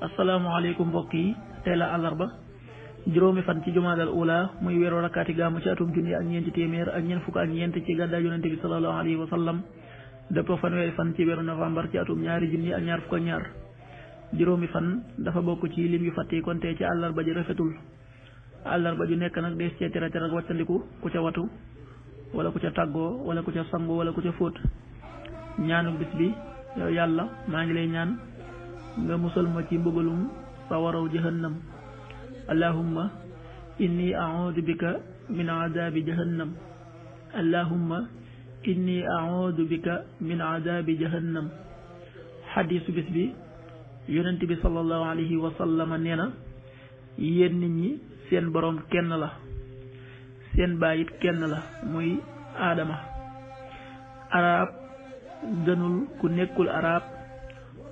asalaamaaleykum mbokk yi tey la àllarba juróomi fan ci jumaadal ula muy weeru rakkaati gàmmu ci atum junni ak ñeenti téeméer ak ñeent fukk ak ñeent ci gàddaa yonente bi sallallahu alayhi wa sallam dëppoo fanweeri fan ci weeru novembre ci atum ñaari junni ak ñaar fukk ak ñaar juróomi fan dafa bokk ci lim yu fàttee konte ci àllarba ji rafetul àllarba ju nekk nag dees cee tere tere ak wàccandiku ku ca watu wala ku ca tàggoo wala ku ca sangu wala ku ca fóot ñaanu bis bi yow yàlla maa ngi lay ñaan nga musal ma ci mbugalum sawaraw jahannam allahumma inni audu bika min adabi jahannam allahumma inni audu bi yonent bi sallallahu alayhi wa sallam nee na ñi seen boroom kenn la seen baay kenn la muy aadama arab gënul ku nekkul arab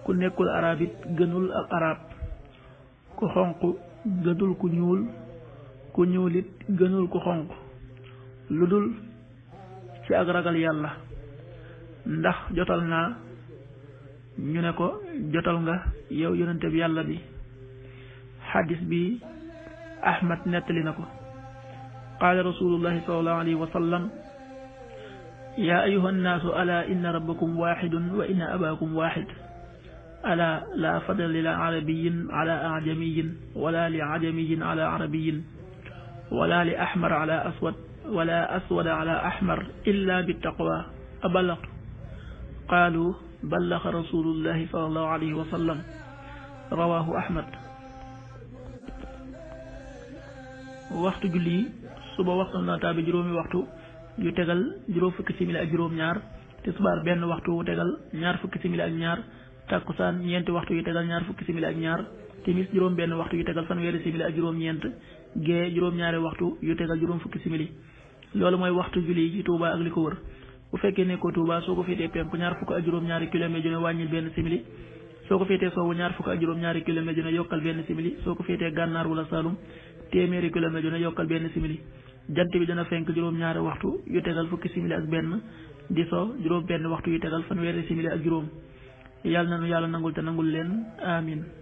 ku nekkul arab gënul ak arab ku xonq gënul ku ñuul ku ñuul it gënul ku xonq lu dul ci ak ragal yàlla ndax jotal naa ñu ne ko jotal nga yow yonente yàlla bi xadis bi ahmad nettali na ko qaala rasulullahi sallallahu alayhi wa sallam yaa ayuha annaasu ala rabbakum waxidun wa inna abaakum waxid alaa laa fadla li arabiyin ala ajamiyin wala li ajamiyin ala arabiyin wala li ahmar ala aswad wala aswad ala ahmar illa bi taqwa abalaqtu qaalu ballaxa rasulullahi salallahu alayhi wa sallam rawahu ahmad waxtu julli suba waxtu naata bi juróomi waxtu yu tegal juróom fukki simili ak juróom ñaar tisbaar benn waxtu wu tegal ñaar fukki simili ak ñaar tàkkusaan ñeenti waxtu yu tegal ñaar fukki simili ak ñaar timis juróom benn waxtu yu tegal fanweeri simili ñeent gee ñaari waxtu yu tegal juróom fukki simili loolu mooy waxtu julli yi ci Touba ak li ko wër bu fekkee ne ko Touba soo ko féetee ñaar fukk ak juróom-ñaari kilomètre dina wàññil benn simili soo ko féetee soowu ñaar fukk ak juróom-ñaari kilomètre dina benn simili soo ko féetee gànnaar wala Saalum téeméeri kilomètre dina yokkal benn simili jant bi dana fenk juróom-ñaari waxtu yu tegal fukki simili ak benn di so juróom benn waxtu yu tegal fanweeri simili ak juróom yàlla na nu yàlla nangul te nangul leen amin